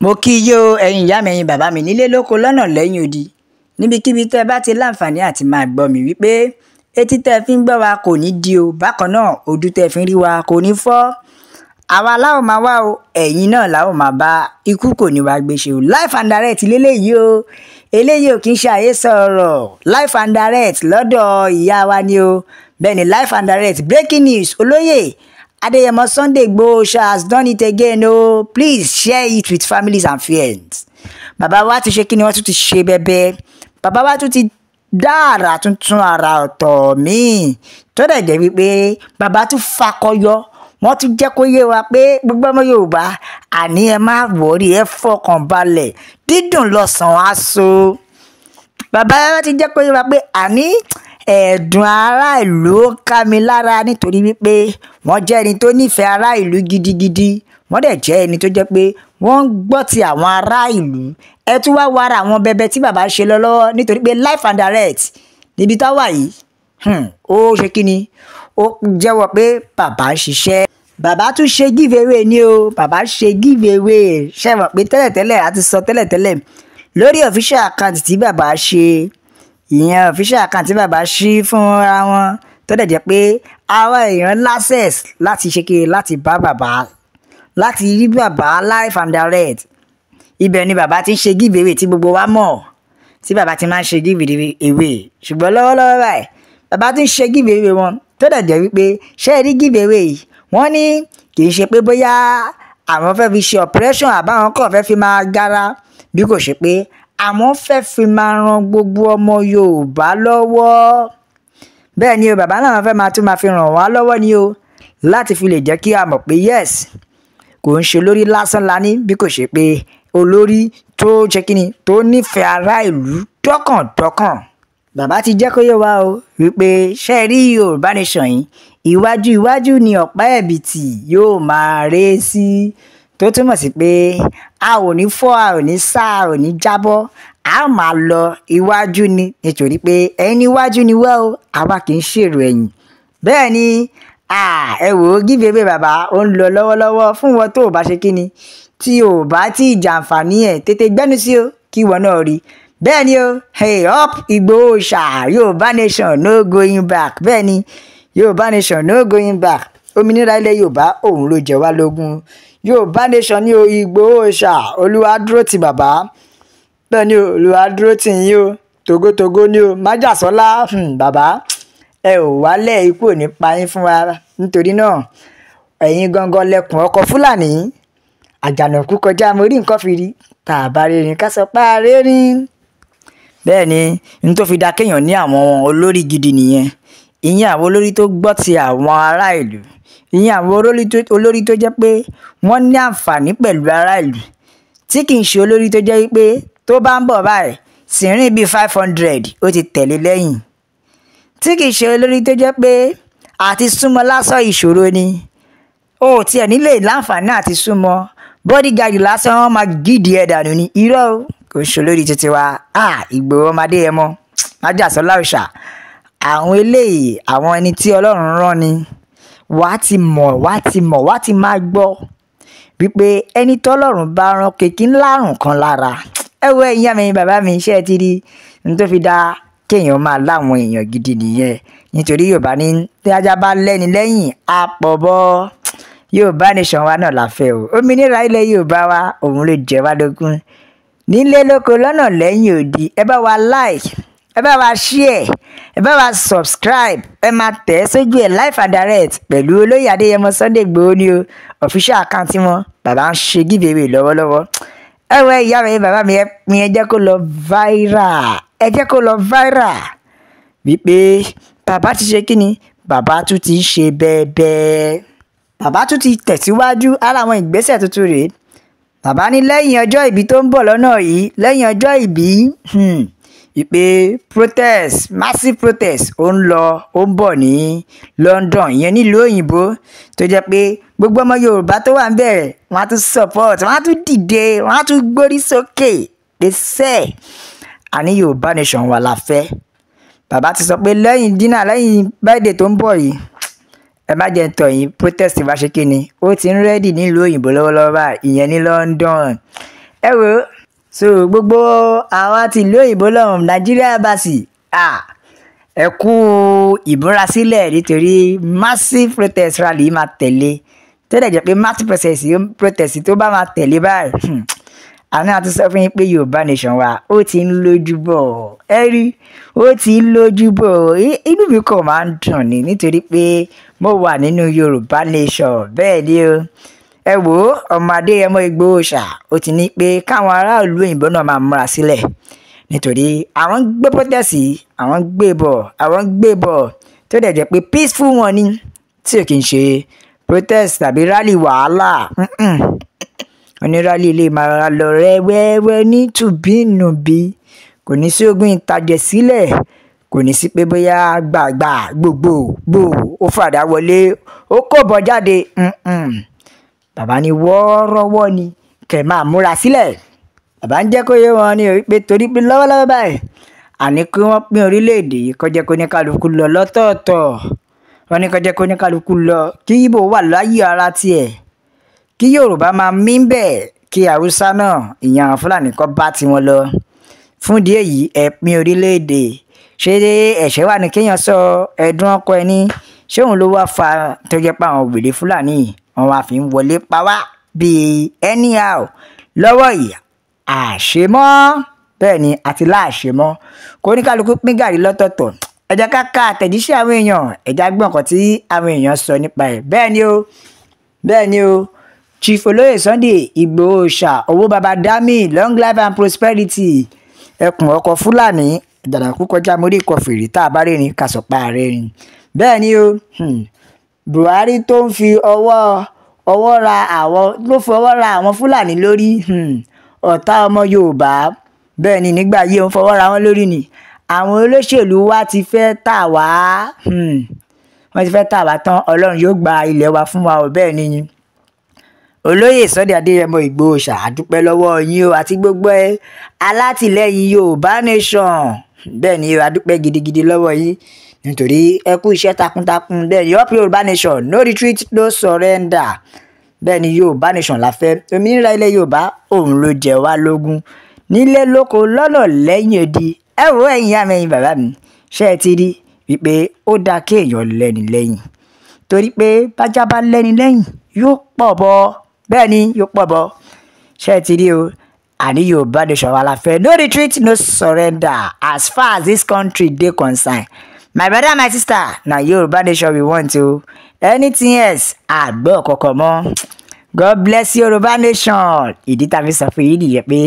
mo kí yé o ẹ̀yin ìyá mi ẹ̀yin bàbá mi nílé lóko lọ́nà lẹ́yìn odi níbikíbi tẹ́ ẹ bá ti láǹfààní àti máa gbọ́ mi wípé etí tẹ́ ẹ fi ń gbọ́ wa kò ní di o bákan náà ojú tẹ́ ẹ fi ń rí wa kò ní fọ́ àwa láwọn máa wá o ẹ̀yin náà láwọn máa bá ikú kò ní wá gbé o life and direct lélẹ́yìí o eléyìí ò kì í ṣe àhesọ ọ̀rọ̀ life and direct lọ́dọ̀ ìyá wa ni o bẹ́ẹ̀ ni life and direct breaking news olóyè Adeyemo Sunday Igboho has done it again o oh. please share it with families and friends. Bàbá wa ti ṣe kí ni wọ́n tún ti ṣe bẹ́bẹ́. Bàbá wa tún ti dá àrà tuntun àrà ọ̀tọ̀ míì tó dẹ̀ jẹ́ wípé bàbá tún fakọyọ wọ́n tún jẹ́ kó yé wa pé gbogbo ọmọ Yorùbá àní ẹ má wọrí ẹ fọkàn balẹ̀ dídùn lọ́sàn aṣọ. Bàbá wa ti jẹ́ kó yé wa pé àní ẹ̀dùn aráàlú ó ká mi lára nítorí wípé wọ́n jẹ́ ẹni tó nífẹ̀ẹ́ aráàlú gidigidi wọ́n dẹ̀ jẹ́ ẹni tó jẹ́ pé wọ́n ń gbọ́ ti àwọn aráàlú ẹ tún wá wara àwọn bẹbẹ tí bàbá ṣe lọ́lọ́wọ́ nítorí pé life and direct níbi tá wà yìí hmm, ó ṣe kí ni ó jẹ́wọ́ pé bàbá ń ṣiṣẹ́ bàbá tún ṣe giveaway ni o bàbá ṣe giveaway ṣe mọ̀ pé tẹ́lẹ̀tẹ́lẹ̀ àti sọ tẹ́lẹ̀tẹ́lẹ̀ lórí official account tí bàbá ṣe ìyẹn official account tí bàbá ṣí fúnra wọn tó dẹ̀ jẹ́ pé àwọn èèyàn access láti ṣe kiri láti bá bàbá láti rí bàbá live and direct ibẹ̀ ni bàbá ti ń ṣe give away tí gbogbo wa mọ̀ tí bàbá ti máa ń ṣe give away ṣùgbọ́n lọ́wọ́lọ́wọ́ báyìí bàbá ti ń ṣe give away wọn tó dẹ̀ jẹ́ wípé ṣé ẹ rí give away wọ́n ní kì í ṣe pé bóyá àwọn fẹ́ fi ṣe operation àbáwọn kọ̀ fẹ́ fi máa gara bí kò ṣe pé àwọn fẹ́ẹ́ fi máa ran gbogbo ọmọ yorùbá lọ́wọ́ bẹ́ẹ̀ ni o bàbá náà fẹ́ẹ́ máa tún máa fi ràn wá lọ́wọ́ ni o láti fi lè jẹ́ kí a mọ̀ pé yes kò ń ṣe lórí lásán lání bí kò ṣe pé olórí tó ṣe kíni tó nífẹ̀ẹ́ ará ìlú dọ́kàndọ́kàn bàbá ti jẹ́ kó yé wa o wípé ṣe é rí yorùbá nation yìí iwájú iwájú ni ọ̀pá ẹ̀bìtì yóò máa ré sí. Si tó túmọ̀ sí pé a ò ní fọ́ a ò ní sá a ò ní jábọ́ a máa lọ iwájú ni nítorí pé ẹni iwájú ni wá o àwa kì í ṣèrò ẹ̀yìn bẹ́ẹ̀ ni ẹ wò ó gíbebe bàbá ó ń lọ lọ́wọ́lọ́wọ́ fún wọn tó o bá ṣe kí ni tí o bá tí ì jàǹfààní ẹ̀ tètè gbẹ́nu sí o kí wọn náà rí bẹ́ẹ̀ ni o hey up Ìgbòho ṣá Yorùbá nation no going back bẹ́ẹ̀ ni Yorùbá nation no going back òmìnira ilẹ̀ yorùbá òun ló jẹ wá lógún yorùbá nation ní o Ìgbòho ṣà olúwa dúró ti bàbá bẹ́ẹ̀ ni olúwa dúró ti yín o togotogo ni o májàsọ́lá hmm, bàbá ẹ ò wálẹ̀ ikú ò ní pa yín fún wa nítorí náà ẹ̀yin gangan lẹkùn ọkọ̀ fúlàní àjànàkú kọjá mo rí nǹkan fìrí tá a bá rí rin ká sọ pé a rí rin bẹ́ẹ̀ ni n tó fi da kéèyàn ní àwọn olórí gidi nìyẹn ìyẹn àwọn olórí tó gbọ́ ti àwọn aráàlú ìyẹn àwọn olórí tó jẹ́ pé wọ́n ní àǹfààní pẹ̀lú aráàlú tí kì í ṣe olórí tó jẹ́ pé tó bá ń bọ̀ báyìí sìnrìn bíi five hundred ó ti tẹ̀lé lẹ́yìn tí kì í ṣe olórí tó jẹ́ pé àti súnmọ́ lásán ìṣòro ni o ò tiẹ̀ nílé láǹfààní àti súnmọ́ bodyguard lásán wọn máa gidi ẹ̀ dànù ni irọ́ kò ṣe olórí títí wa ah Ìgbòho ọmọdé ẹ mọ́ májàsọ́ láòṣà àwọn eléyìí àwọn ẹni tí Ọlọ́run rán ni wàá ti mọ̀ wàá ti mọ̀ wàá ti máa gbọ́ wípé ẹni tọ́lọ́run bá rán kèkí ńlá àrùn kan lára ẹ wo ẹ̀yin àmì bàbá mi iṣẹ́ ẹ ti rí ní tó fi dá kéèyàn máa láwọn èèyàn gidi nìyẹn nítorí Yorùbá ní tí ajá bá lẹ́ni lẹ́yìn á pọ̀ bọ́ Yorùbá nation wa náà la fẹ́ o òmìnira ilẹ̀ Yorùbá wa òun ló jẹ wá lógún nílé lóko lọ́nà lẹ́yìn òdì ẹ bá wa like ẹ bá wa share ẹ bá wa subscribe ẹ máa tẹ̀ sójú ẹ̀ live and direct pẹ̀lú olóyè adéyẹmọ sunday gbòó ni o official account wọn bàbá ń ṣe giveaway lọ́wọ́lọ́wọ́ ẹ wọ ìyá mi bàbá mi mi ẹ jẹ́ kó lọ viral ẹ jẹ́ kó lọ viral wípé bàbá ti ṣe kíni bàbá tún ti ṣe bẹ́ẹ̀bẹ́ẹ̀ bàbá tún ti tẹ̀síwájú ara àwọn ìgbésẹ̀ tuntun rèé bàbá ní lẹ́yìn ọjọ́ ìbí tó ń bọ̀ lọ́nà yìí lẹ́yìn ọjọ́ ìbí hmm pé protest massive protest ó ń lọ ó ń bọ̀ ní London ìyẹn nílùú òyìnbó tó jẹ́ pé gbogbo ọmọ Yorùbá tó wà ń bẹ̀rẹ̀ wọ́n á tún support wọ́n á tún dìde wọ́n á tún gbórí sókè lè sẹ́ àní Yorùbá nation wà la fẹ́ bàbá ti sọ pé lẹ́yìn dínà lẹ́yìn báyìí tó ń bọ̀ yìí ẹ má jẹ́ tọ̀ yín protest bá ṣe kí ni ó ti ń rẹ́dì nílùú òyìnbó lọ́wọ́lọ́wọ́ ìyẹn ní London ẹ wò ó so gbogbo àwa tìlú òyìnbó lọ́hùn nàìjíríà bàṣì ẹ kú ìmúrasílẹ̀ nítorí massive protest rally máa tẹ̀lé tó dẹ̀ jẹ́ pé massive protest tó bá máa tẹ̀lé báyìí hmm, àná àti sọ fún yín pé yorùbá nation wa ó ti ń lójú bọ̀ ẹ rí ó ti ń lójú bọ̀ inú mi kò máa ń dùn ni nítorí pé mo wà nínú yorùbá nation bẹ́ẹ̀ ni o ẹ wò ó ọmọ adéyẹmọ ìgbòho ṣá ó ti ní pé káwọn aráàlú òyìnbó náà máa múra sílẹ̀ nítorí àwọn ń gbé pọ́tẹ́sì àwọn ń gbé bọ̀ àwọn ń gbé bọ̀ tó dẹ̀ jẹ́ pé peaceful wọn ni tí ò kì í ṣe protest tàbí rally wàhálà onírálì ilé máa lọ rẹ wẹ́wẹ́ ní tùbínùbí kò ní sí ogún ìtàjẹ̀ sílẹ̀ kò ní sí pé bóyá gbàgbà gbogbo gbòò ó fàdá wọlé ó kò bọ́ jáde. Mm-mm bàbá ní wọ́ọ́rọ́wọ́ ni kẹ̀ máa múra sílẹ̀ bàbá ń jẹ́ kó yé wọn ní pé torí pé lọ́wọ́lọ́wọ́ báyìí àní kí wọ́n pín orílẹ̀-èdè yìí kó jẹ́ kó ní kálukú lọ lọ́tọ̀ọ̀tọ̀ wọ́n ní kó jẹ́ kó ní kálukú lọ kí Ìgbò wà láyé ara tiẹ̀ kí Yorùbá máa mí bẹ́ẹ̀ kí Haúsá náà ìyẹn àwọn Fúlàní kó bá tiwọn lọ fún díẹ̀ yìí ẹ pín orílẹ̀-èdè ṣé ẹ̀ṣẹ̀ wà ní kéèyàn sọ ẹ̀dùn ọkọ ẹni ṣé òun ló wá fa tó jẹ́ pé àwọn òbèrè Fúlàní yìí wọn wá fi ń wọlé pa wá bíi anyhow lọ́wọ́ ìyá àṣemọ́ bẹ́ẹ̀ ni àti láàṣemọ́ kò ní kálukú pín gàrí lọ́tọ̀ọ̀tọ̀ ẹ jẹ́ ká ka àtẹ̀jíṣẹ́ àwọn èèyàn ẹ jẹ́ gbọ́n nǹkan tí àwọn èèyàn sọ nípa ẹ̀ bẹ́ẹ̀ ni o bẹ́ẹ̀ ni o chief olóyè Sunday Ìgbòho ṣá owó baba dami long life and prosperity ẹkùn ọkọ̀ fúlàní ìdàdàkú kọjá mórí ikọ̀ fèrè tá a bá rẹ́ni kà sọ̀pá rẹ́ni bẹ́ẹ̀ ni o. Hmm buhari tó ń fi ọwọ́ ọwọ́ ra àwọn ló fọwọ́ ra àwọn fúlàní lórí um ọ̀tá ọmọ yorùbá bẹ́ẹ̀ ni nígbà yìí òun fọwọ́ ra wọn lórí ni àwọn olóṣèlú wa ti fẹ́ tà wá um wọ́n ti fẹ́ tà wá tán ọlọ́run yóò gba ilẹ̀ wa fún wa ò bẹ́ẹ̀ ni yín olóyè Sunday Adéyẹmọ Ìgbòho ṣàdúpẹ́ lọ́wọ́ yín o àti gbogbo ẹ alátìlẹyìn Yorùbá Nation bẹ́ẹ̀ ni a dúpẹ́ gidigidi lọ́wọ́ yín nítorí ẹ kú iṣẹ́ takuntakun bẹ́ẹ̀ ni up yorùbá nation no retreat no surrender bẹ́ẹ̀ ni yorùbá nation la fẹ́ òmìnira ilẹ̀ yorùbá òun ló jẹ wá lógún nílé lóko lọ́nà lẹ́yìn odi ẹ wo ẹ̀yin amẹ́yìn bàbá mi ṣé ẹ ti rí wípé ó dáa kéèyàn lẹ́ni lẹ́yìn torí pé bájá bá lẹ́ni lẹ́yìn yóò pọ̀ bọ́ bẹ́ẹ̀ ni yóò pọ̀ bọ́ ṣé ẹ ti rí o and yoruba nation walafe no retreat no surrender as far as this country dey concerned my brother and my sister Now na yoruba nation we want o anything else àgbọ̀ kọ̀ọ̀kan mọ́ god bless your nation ìdí tá a fi sọ fún yín